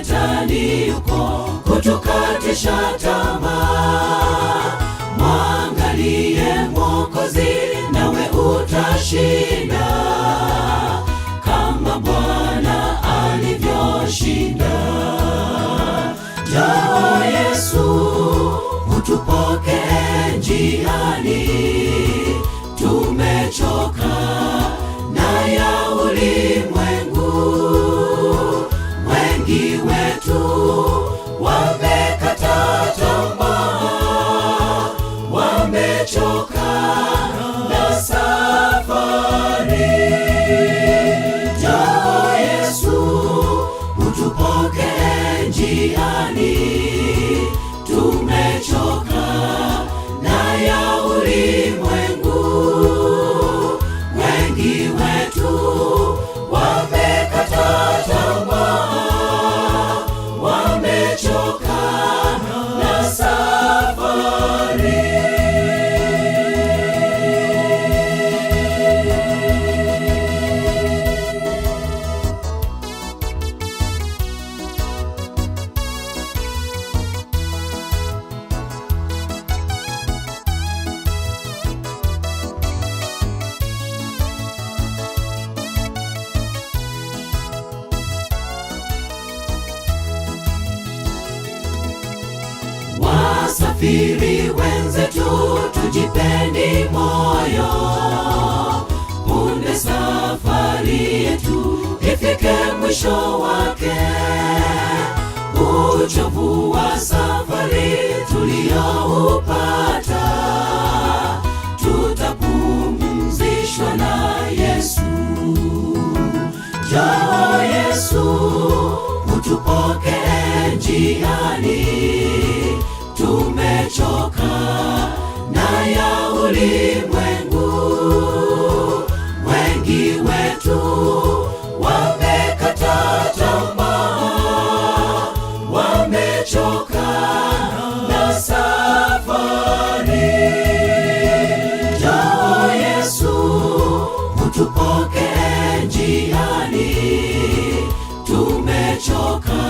Shetani yuko kutukatisha tamaa, mwangalie Mwokozi nawe utashi duniani. Wasafiri wenzetu tujipeni moyo, punde safari yetu ifike mwisho wake. Uchovu wa safari tuliyoupata, tutapumzishwa na Yesu. Jao Yesu, utupoke njiani wengi wetu wamekata tamaa, wamechoka na safari. Njoo Yesu utupokee njiani, tumechoka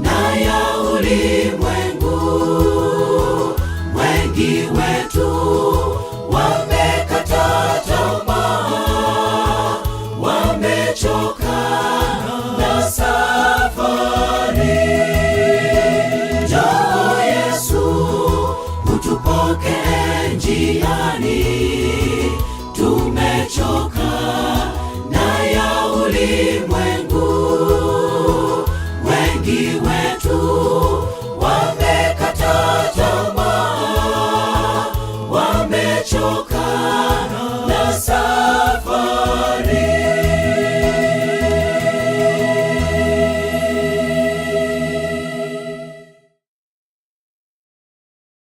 na ya ulimwengu, wengi wetu umechoka na safari, njoo Yesu utupokee njiani, tumechoka